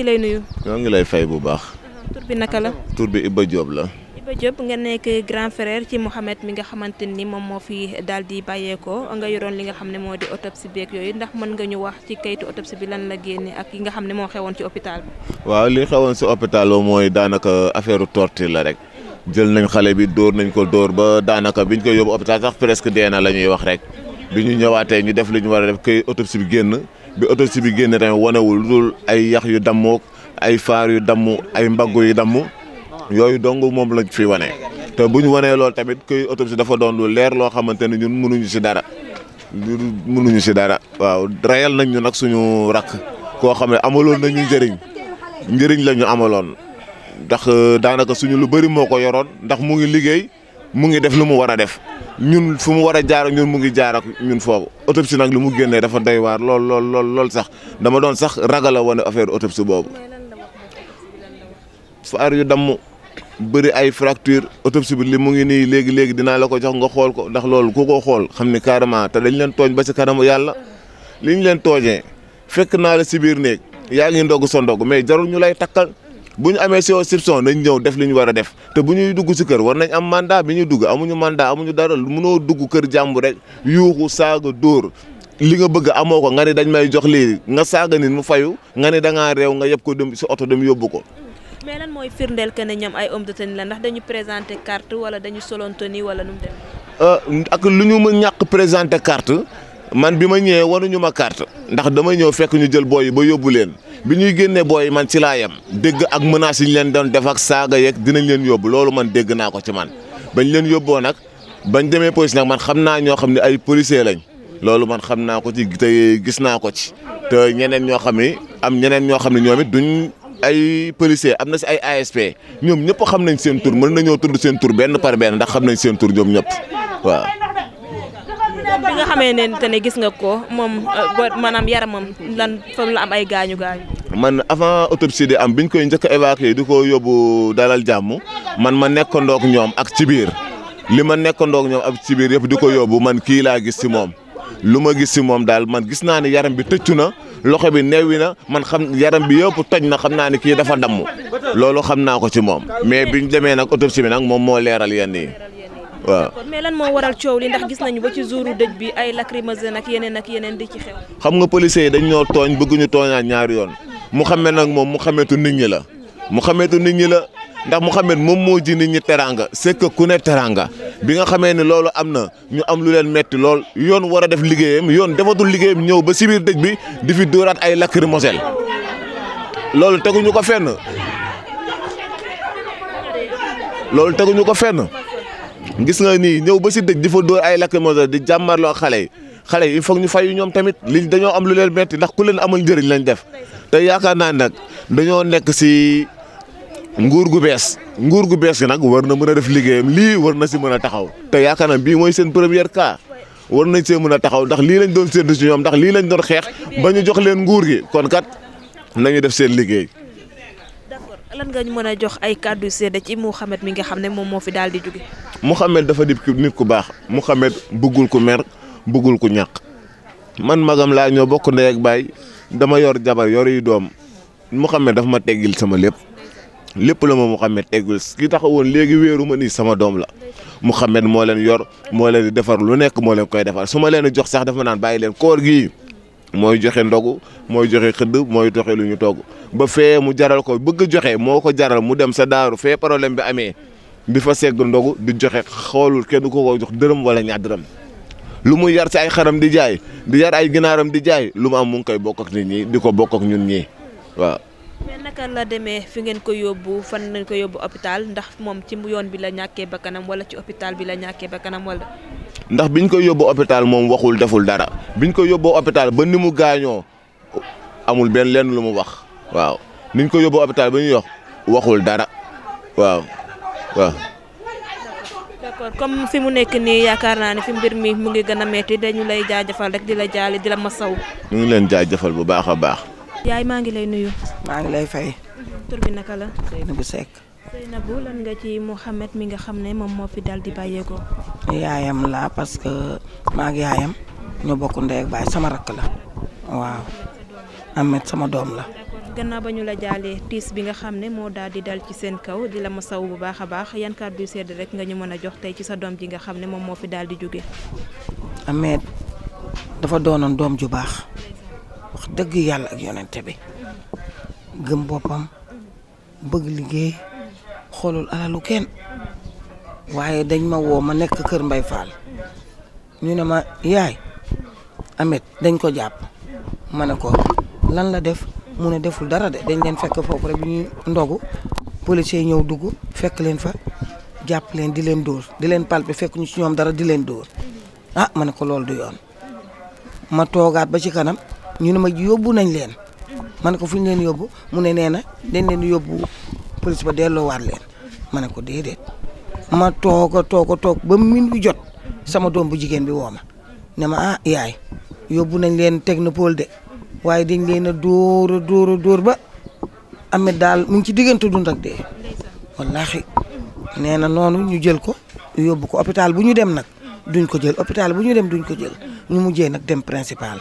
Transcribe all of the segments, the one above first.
ngi lay nuyu. ñoo ngi lay fay bu baax. Uh-huh. naka la. tur bi Iba Diop la. Iba nga nekk grand frère ci Mouhamed mi nga xamante ni moom moo fi daal di bàyyeekoo nga yoroon li nga xam ne moo di autopsie beeg yooyu ndax mën nga ñu wax ci kayitu autopsie bi lan la génne ak yi nga xam ne moo xewoon ci hôpital bi. waaw li xewoon si hôpital mooy daanaka affaire torture la rek. jël nañ xale bi dóor nañ ko dóor ba daanaka biñ koy yóbbu hôpital sax presque dee na la ñuy wax rek. bi ñu ñëwaatee ñu def li ñu war a def kay autopsie bi génn. bi autopsie bi génne tamit wanewul lu dul ay yax yu dammook ay faar yu damm ay mbaggu yu damm yooyu dong moom lañ fi wane. te bu ñu wanee loolu tamit kuy autopsie dafa doon lu leer loo xamante ne ñun mënuñu si dara mënuñu si dara. waaw reyal nañ ñu nag suñu rakk koo xam ne amaloon nañ ñu njëriñ njëriñ la ñu amaloon ndax daanaka suñu lu bëri moo ko yoroon ndax mu ngi liggéey. mu ngi def lu mu war a def ñun fu mu war a jaar ak ñun mu ngi jaar ak ñun foofu autopsie nag lu mu génnee dafa doy waar lool lool lool lool sax dama doon sax ragal a wane affaire autopsie boobu faar yu damm bëri ay fracture autopsie bi li mu ngi nii léegi léegi dinaa la ko jox nga xool ko ndax loolu ku ko xool xam ni carrément te dañ leen tooñ ba ci kanamu yàlla li leen toojee fekk naa la si biir néeg yaa ñu lay takkal bu ñu amee si soupçon nañ ñëw def li ñu war a def te bu ñuy dugg si kër war nañ am mandat bi ñu dugg amuñu mandat amuñu dara lu mënoo dugg kër jàmb rek yuuxu saaga dóor li nga bëgg amoo ko nga ni dañ may jox lii nga saaga nit mu fayu nga ni da ngaa réew nga yëpp ko dem si oto dem yóbbu ko. mais lan mooy firndeel kenn ne ay homme de la ndax dañu présenté carte wala dañu solonto ni wala nu mu euh, ak lu ñu ma ñàkk présenté carte. man bi ma ñëwee waruñu ma carte ndax dama ñëw fekk ñu jël booy yi ba yóbbu leen bi ñuy génnee booy yi man ci laa yem dégg ak menaces yi ñu leen doon def ak saaga yeeg dinañ leen yóbbu loolu man dégg naa ko ci man bañ leen yóbboo nag bañ demee police nag man xam naa ñoo xam ne ay policier lañ loolu man xam naa ko ci te gis naa ko ci te ñeneen ñoo xam ne am ñeneen ñoo xam ne ñoom it duñ ay policier am na si ay ASP ñoom ñëpp xam nañ seen tur mën nañoo tudd seen tur benn par benn ndax xam nañ seen tur ñoom ñëpp waaw moom bi nga xamee ne ne gis nga ko moom euh, maanaam yaramam lan fa la am ay gaañu gaañu. man avant autopsie am biñ koy njëkk a évacuer di ko yóbbu dalal jàmm man ma nekkandoo ñoom ak ci biir li ma nekkandoo ak ñoom ak ci biir yëpp di ko yóbbu man kii laa gis si moom. lu ma gis si moom daal man gis naa ne yaram bi tëccu na loxo bi neewi na man xam yaram bi yëpp toj na xam naa ne kii dafa damm loolu xam naa ko ci moom mais biñ demee nag autopsie bi nag moom moo leeral yenn yi. waaw mais lan moo waral coow li ndax gis nañu ba ci jouru dëj bi ay lacrymogène ak yeneen yeneen di ci xew. xam nga policiers yi dañ ñoo tooñ bëgguñu tooñaat ñaari yoon mu xamee nag moom mu xameetu nit ñi la mu xameetu nit ñi la ndax mu xamee moom moo ji nit ñi teraanga c'est ku ne teraanga bi nga xamee ne loolu am na ñu am lu leen metti lool yoon war a def liggéeyam yoon defatul liggéeyam ñëw ba si biir dëj bi di fi dóoraat ay lacrymogène loolu teguñu ko fenn loolu teguñu ko fenn. gis nga nii ñëw ba si dëj di fa dóor ay lacrymogène di jàmmarloo xale yi xale yi il ñu ñu fayu ñoom tamit lii dañoo am lu leen metti ndax ku leen amal njariñ lañ def te yaakaar naa nag dañoo nekk si nguur gu bees nguur gu bees gi nag war na mën a def liggéeyam lii war na si mën a taxaw te yaakaar naa bii mooy seen première kaa war nañ see mën a taxaw ndax lii lañ doon séntu si ñoom ndax lii lañ doon xeex ba ñu jox leen nguur gi kon kat nañu def seen liggéey. lan nga ñu mën a jox ay kàddu seede ci Mouhamed mi nga xam ne moom moo fi daal di mu Mouhamed dafa di nit ku baax mu Mouhamed bëggul ku mer bëggul ku ñàq man magam laa ñoo bokk ndey ak baay dama yor jabar yor yu doom Mouhamed dafa ma teggil sama lépp lépp la ma Mouhamed teggil ki taxawoon léegi wéeru ma nii sama doom la mu Mouhamed moo leen yor moo leen di defar lu nekk moo leen koy defar su ma leen jox sax dafa ma naan bàyyi leen koor gii mooy joxe ndogu mooy joxe xëdd mooy joxe lu ñu togg ba fee mu jaral ko bëgg joxe moo ko jaral mu dem sa daaru fee problème bi amee di fa segg ndogu di joxe xoolul kenn ko ko jox dërëm wala ñaar dërëm lu mu yar si ay xaram di jaay di yar ay ginaaram di jaay lu mu am mu ngi koy bokk ak nit ñi di ko bokk ak ñun ñi waaw. mais naka la demee fi ngeen ko yóbbu fan nañ ko yóbbu hôpital ndax moom ci yoon bi la ñàkkee ba kanam ci hôpital bi la ñàkkee ba kanam ndax biñ ko yóbbu hôpital moom waxul deful dara biñ koy yóbbu hôpital ba ni mu gaañoo amul benn lenn lu mu wax waaw niñ ko yóbbu hôpital ba ñuy wax waxul dara waaw. waaw. d'accord comme fi mu nekk nii yaakaar naa ne fi mbir mi mu ngi gën a metti dañu lay jaajëfal rek di la jaale di la ma saw ñu ngi leen jafal bu baax a baax. yaay maa ngi lay nuyu. maa ngi lay fay. tur bi naka la. Seynabou na Seynabou lan nga ci Mouhamed mi nga xam ne moom moo fi dal di bàyyeekoo. yaayam la parce que maa ngi yaayam. ñu bokk ndey ak baay sama rakk la. waaw Ahmed sama doom la. gannaaw ba ñu la jaalee tiis bi nga xam ne moo daal di dal ci seen kaw di la ma saw bu baax a baax yan bi sedd rek nga ñu mën a jox tey ci sa doom ji nga xam ne moom moo fi daal jóge Ahmed dafa doonoon doom ju baax wax dëgg yàlla ak yonente bi gëm boppam bëgg liggéey xoolul alalu kenn waaye dañ ma woo ma nekk kër Mbay Fall ñu ne ma yaay Ahmed dañ ko jàpp ma ne ko lan la def mu ne deful dara de dañ leen fekk foofu rek bi ñuy ndogu policiers yi ñëw dugg fekk leen fa jàpp leen di leen dóor di leen palper fekk ñu ci ñoom dara di leen dóor ah ma ne ko loolu du yoon ma toogaat ba ci kanam ñu ne ma yóbbu nañ leen ma ne ko fu leen yóbbu mu ne nee na dañ leen yóbbu police ba delloowaat leen ma ne ko déedéet ma toog a toog toog ba min wi jot sama doom bu jigéen bi woo ma ne ma ah yaay yóbbu nañ leen teg technopole de. waaye di leen a dóor a dóor a dóor ba Ameth daal mu ngi ci diggante dund ak dee wallaahi nee na noonu ñu jël ko yóbbu ko hôpital bu ñu dem nag duñ ko jël hôpital bu ñu dem duñ ko ñu mujjee nag dem principal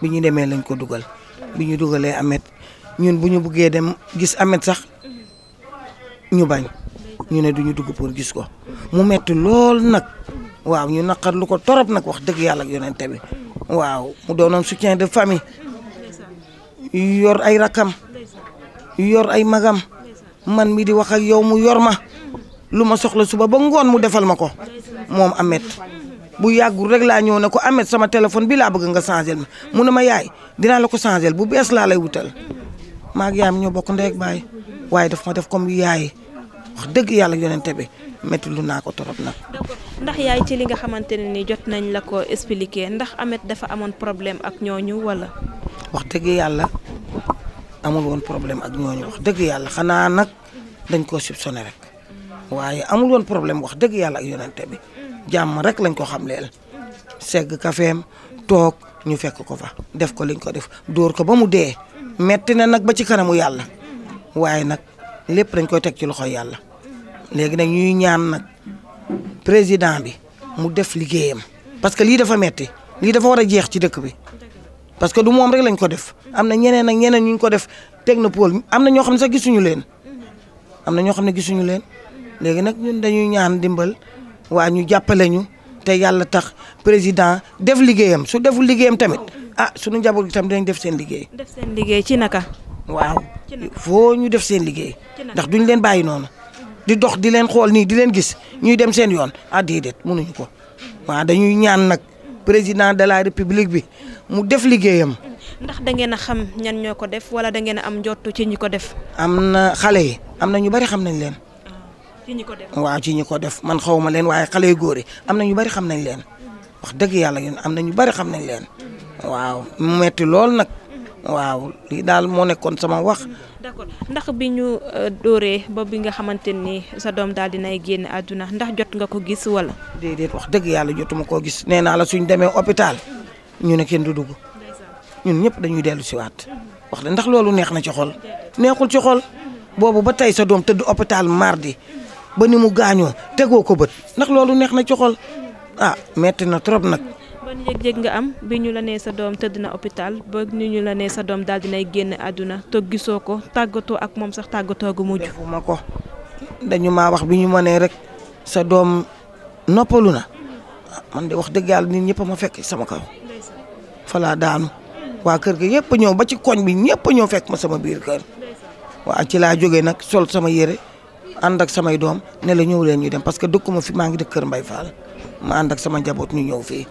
bi ñu demee lañ ko dugal bi ñu dugalee Ameth ñun bu ñu buggee dem gis Ameth sax ñu bañ ñu ne duñu dugg pour gis ko mu metti lool nag waaw ñu naqar lu ko torop nag wax dëgg yàlla ak yonente bi waaw mu doonoon soutien de famille yor ay rakam yor ay magam man mii di wax ak yow mu yor ma lu ma soxla suba ba ngoon mu defal ma ko moom Ameth bu yàggul rek laa ñëw na ko amet sama téléphone bi laa bëgg nga changé ma mun ne ma yaay dinaa la ko changé bu bees laa lay wutal maag yaay mi ñoo bokk ndey baay waaye daf ma def comme yaay wax dëgg yàlla yonente bi métti lu naa ko torop nag. ndax yaay ci nga xamante ne ni jot nañ la ko expliqué ndax Ameth dafa amoon problème ak ñooñu wala. wax dëgg yàlla amul woon problème ak ñooñu wax dëgg yàlla xanaa nag dañ koo soupçonné rek waaye amul woon problème wax dëgg yàlla ak yonente bi jàmm rek lañ xam xamleel segg kafeem toog ñu fekk ko fa def ko liñ ko def dóor ko ba mu dee metti na nag ba ci kanamu yàlla waaye nag lépp dañ koy teg ci loxo yàlla léegi nag ñuy ñaan nag président bi mu def liggéeyam parce que lii dafa metti lii dafa war a jeex ci dëkk bi parce que du moom rek lañ ko def am na ñeneen ak ñeneen ñu ko def technopole am na ñoo xam ne gisuñu leen am na ñoo xam ne gisuñu leen léegi nag ñun dañuy ñaan dimbal waa ñu jàppale ñu te yàlla tax président def liggéeyam su deful liggéeyam tamit ah suñu njaboot gi tam dañ def seen liggéey. def seen liggéey ci naka. waaw foo ñu def seen liggéey. ndax duñ leen bàyyi noonu. di dox di leen xool nii di leen gis ñuy dem seen yoon ah déedéet mënuñu ko waaw dañuy ñaan nag. président de la république bi mu def liggéeyam. ndax da ngeen a xam ñan ñoo ko def wala da ngeen a am njott ci ñi ko def. am na xale yi am na ñu bari xam nañ leen. Ah, ci ko def waaw ci ñi ko def man xaw leen waaye xale yu góor yi am na ñu bari xam nañ leen. Mm-hmm. wax dëgg yàlla yéen am na ñu bari xam nañ leen. waaw mu metti lool nag. waaw lii daal moo nekkoon sama wax. ndax bi ñu euh, dooree ba bi nga xamante ni sa doom daal dinay génn àdduna ndax jot nga ko gis walla déedéet wax dëgg yàlla jotuma koo gis nee naa la suñ demee hôpital ñu ne kenn du dugg ñun ñëpp dañuy dellu siwaat wax de ndax loolu neex na ci neexul ci xol boobu ba tey sa doom tëdd hôpital mardi ba ni mu gaañoo tegoo ko bët ndax loolu neex na ci xol ah metti na trop nag. ban yég yëg nga am bi ñu la nee sa doom tëdd na hôpital ba ni ñu la nee sa doom daal dinay génn àdduna toog gisoo ko tàggatoo ak moom sax tàggatoo gu mujj. defuma ko dañu maa wax bi ñu ma nee rek sa doom noppalu na man de wax dëgg yàlla nit ñëpp ma fekk sama kaw falaa daanu waa kër gi yëpp ñëw ba ci koñ bi ñëpp ñëw fekk ma sama biir kër waa ci laa jógee nag sol sama yére ànd ak samay doom ne la ñëw leen ñu dem parce que dëkkuma fi maa ngi dëkk kër Mbay fal ma ànd ak sama njaboot ñu ñëw fii.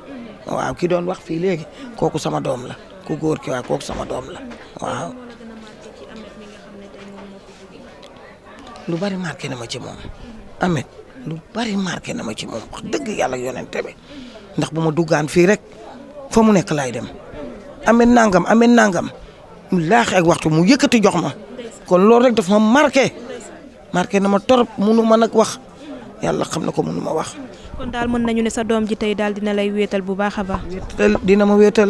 waaw ki doon wax fii léegi kooku sama doom la ku góor ki waaw kooku sama doom la waaw. lu bari marqué na ma ci moom Ameth lu bari marqué na ma ci moom wax dëgg yàlla yonente bi ndax bu ma duggaan fii rek fa mu nekk laay dem Ameth nangam Ameth nangam mu laax waxtu mu yëkkati jox ma kon loolu rek daf ma marqué marké na ma torop munu ma nag wax yàlla xam na ko mënu ma wax. kon daal mën nañu ne sa doom ji tey daal dina lay wéetal bu baax a baax. dina ma wéetal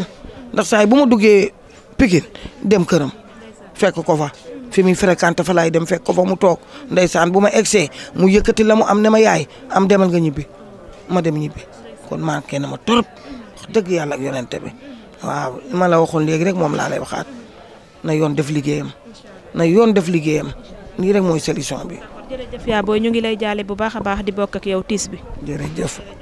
ndax saa yi bu ma duggee Pikine dem këram fekk ko fa fi muy fréquenté fa laay dem fekk ko fa mu toog ndeysaan bu ma egsee mu yëkkati la mu am ne ma yaay am demal nga ñibbi ma dem ñibbi kon manqué na ma torop dëgg yàlla ak yonent bi waaw ma la waxoon léegi rek moom laa lay waxaat na yoon def liggéeyam na yoon def liggéeyam nii rek mooy solution bi. jërëjëf yaa booy ñu ngi lay jaale bu baax a baax di bokk ak yow tiis bi. jërëjëf